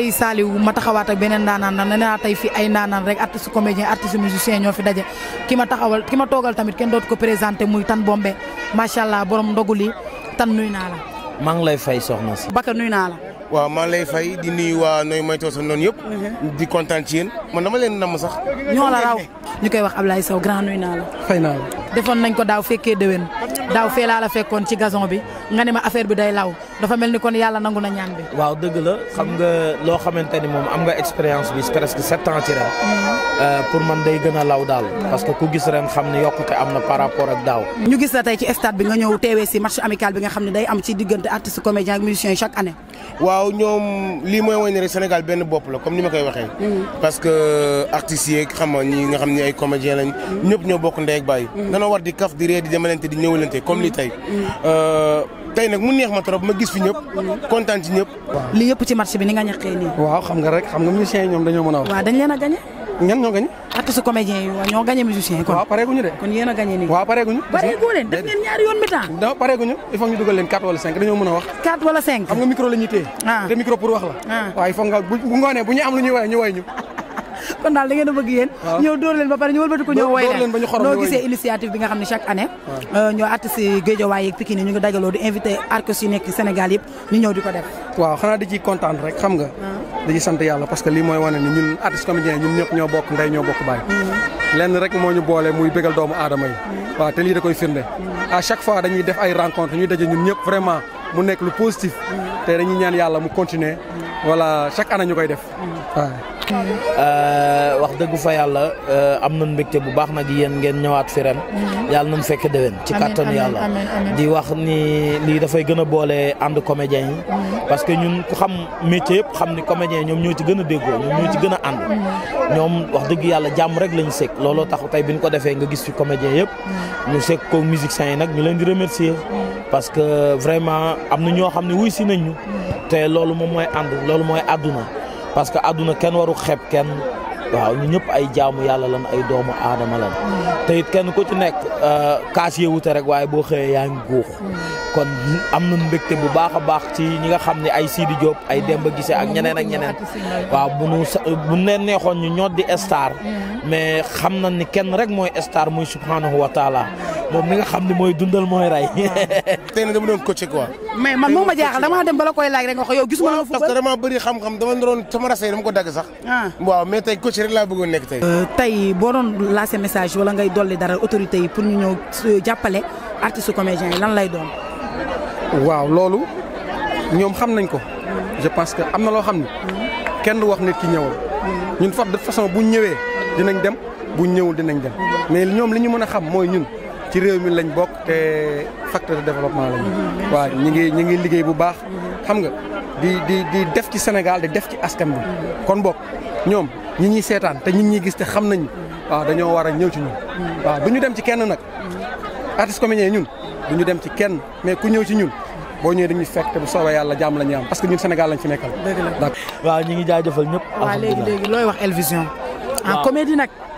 tey Saliou ma taxawaat ak beneen ndaanaan na nee naa tey fii ay ndaanaan rek artiste comédien artiste musicien ñoo fi daje ki ma taxawal ki ma toogal tamit kenn dootu ko présenté muy Tane Bombe macha allah borom ndogu li Tane nuyu naa la. maa ngi lay fay soxna si. Bakka nuyu naa la. waaw maa ngi lay fay di nuyu waa nooy moytoo sa noonu yëpp. Mhm. di kontaan ci yéen. man dama leen namm sax. ñoo la raw ñu koy wax Ablaye Sow grand ko daaw fekkee déwén daaw fee laa la fekkoon ci gazon bi nga ne ma affaire bi day law dafa mel ni kon yàlla nangu na ñaan bi. waaw dëgg la xam nga loo xamante moom am nga expérience bi presque sept ans ci ren. Mhm. Euh, pour man day a law daal. parce que ku gis am na par rapport ak daaw. ñu gis la tey ci stade bi nga ñëw teewee si match amical bi nga xam ne day am ci diggante artiste comédien ak musicien chaque année. waaw ñoom lii mooy wane ne rek Sénégal benn bopp la comme ni ma koy waxee. Mhm. Euh, artistes yeeg xam nga ñi nga xam ne ay comédien lañ ñëpp ñoo bokk ndey ak bàyyi danoo war di kaf di ree di demalante di ñëwalante comme li tey euh, tey nag mu neex ma trop ma gis fi ñëpp kontaan ci ñëpp li yëpp ci marché bi ni nga ñaqee nii waaw xam nga rek xam nga musiciens yi ñoom dañoo mën a wax waaw dañ leen a gagné ñan ñoo gagné artiste comédien yi ñoo gagné musicien yi kon waaw paré guñu de kon yéen a gagné nii waaw paré guñu paré gu leen def ngeen ñaari yoon mi temps da paré guñu il faut ñu dugal leen 4 wala 5 dañoo mën a wax 4 wala 5 kon daal da ngeen a bëgg yéen ñëw dóor leen ba pare ñu wëlbati ko ñëw woy noo gisee initiative bi nga xam ne chaque année euh, ñoo artiste yi Guédiawaye ñu ngi dajaloo di invité artistes yu nekk Sénégal yëpp ñu ñëw di ko def waaw xanaa di ci kontaan rek xam nga ah. da ci sant yàlla parce que lii mooy wane ni ñun artiste comédien ñun ñëpp ñoo bokk ndey ñoo bokk baay mm-hmm. lenn rek moo ñu boole muy bégal doomu aadama yi mm-hmm. waaw te lii da koy firnde mm-hmm. à chaque fois dañuy def ay rencontre ñuy daje ñun ñëpp vraiment mu nekk lu positif mu continuer voilà chaque année ñu koy def waaw. Euh, wax dëgg fa yàlla euh, am na mbégte bu baax nag yéen ngeen ñëwaat fi ren. Mhm. yàlla nañ fekk déwén. ci kàttanu yàlla di wax ni lii dafay gën a boole ànd comédien yi. Mhm. parce que ñun ku xam métier yëpp xam ni comédien yi ñoom ñoo ci gën a déggoo ñoom ñoo ci gën a ànd. Mhm. ñoom wax dëgg yàlla jàmm rek lañ sekk looloo tax tey bi ñu ko defee nga gis ci comédien yëpp. ñu sekk ko musiciens yi nag ñu leen di remercier. parce que vraiment am na ñoo xam ne wuy si nañ ñu. te loolu moom mooy ànd loolu mooy àdduna parce que àdduna kenn waru xeeb kenn waaw ñu ñëpp ay jaamu yàlla lan ay doomu aadama lan tey kenn ku ci nekk euh, kaas yee wute rek waaye boo xëyee yaa ngi guux kon am na mbégte bu baax a baax ci ñi nga xam ne ay Sidi Diop ay demb a Guissé ak ñeneen ak ñeneen waaw bu nu bu neexoon ñu ñoo di star mm. mais xam na ni kenn rek mooy star muy subhanahu wa moom mi nga xam ne mooy dundal mooy ray. tey nag dama doon coaché quoi. mais man moo ma jaaxal dama dem bala koy laaj rek nga wax yow gisuma la. parce que dama bëri xam-xam dama doon sama rase yi dama ko dagg sax. Ah. waaw mais tey coaché rek laa bëggoon nekk tey. Euh, tey boo doon lancé message wala ngay dolli dara autorité yi pour ñu ñëw euh, jàppale artiste comédien yi lan lay doom waaw loolu ñoom xam nañ ko. je pense que am na loo xam ne. kenn du wax nit ki ñëwal. Mm-hmm. ñun fab de façon bu ñëwee dinañ dem bu ñëwul dinañ dem. Mm-hmm. mais ñoom li ñu mën a xam mooy ñun ci réew mi lañ bokk te facteur de développement lañu. Mhm. waaw ñi ngi ñu ngi liggéey bu baax. Mhm. xam nga di di di def ci Sénégal di def ci askan bi. Mhm. kon bokk ñoom ñi ñuy seetaan te ñi ñuy gis te xam nañ waaw dañoo war a ñëw ci ñun. waaw du ñu dem ci kenn nag. artiste comédien ñun du ñu dem ci kenn mais ku ñëw ci ñun. boo ñëwee dañuy fekk bu soobee yàlla jàmm lañu am parce que ñun Sénégal lañ fi nekkal. dëgg la waaw ñu ngi jaajëfal ñëpp. waaw léegi léegi looy wax Elvision. en comédie nag.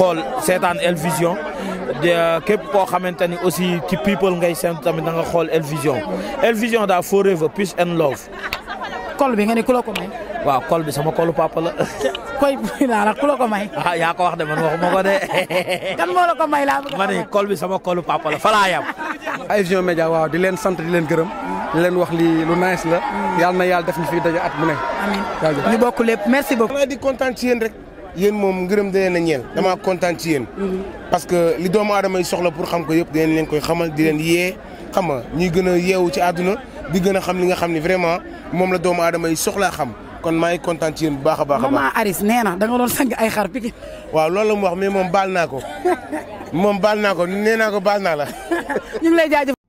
xol setan El Vision képp koo xamante ni aussi ci people ngay séntu tamit da nga xol El Vision El Vision da forever peace and love. kol bi nga ni ku ko may. wa kol bi sama kolu papa la. koy naa la ku ko may. ah ya ko wax de man waxuma ko de. kan mo la ko may la bëgg kol bi sama kolu papa la fala yam. El Vision Média waaw di len sante di len geureum di leen wax li lu nice la. Mm. yalla na yalla def ni fi daje at mu ne. amin ñu bokku lepp merci beaucoup. di content ci yéen rek. yéen moom ngërëm da na a ñeel damaa kontaan ci yéen mhm. parce que li doomu adama yi soxla pour xam ko yëpp dinañ leen koy xamal di leen yee xam nga ñuy gën a yeewu ci àdduna di gën a xam li nga xam ni vraiment moom la doomu aadama yi soxlaa xam kon maa ngi kontaan ci yéen bu baax a baax. maman Aris nee na da nga doon sang ay xar piki. waaw loolu la mu wax mais moom baal naa ko moom baal naa ko nee naa ko baal naa la. ñu lay jaajëf.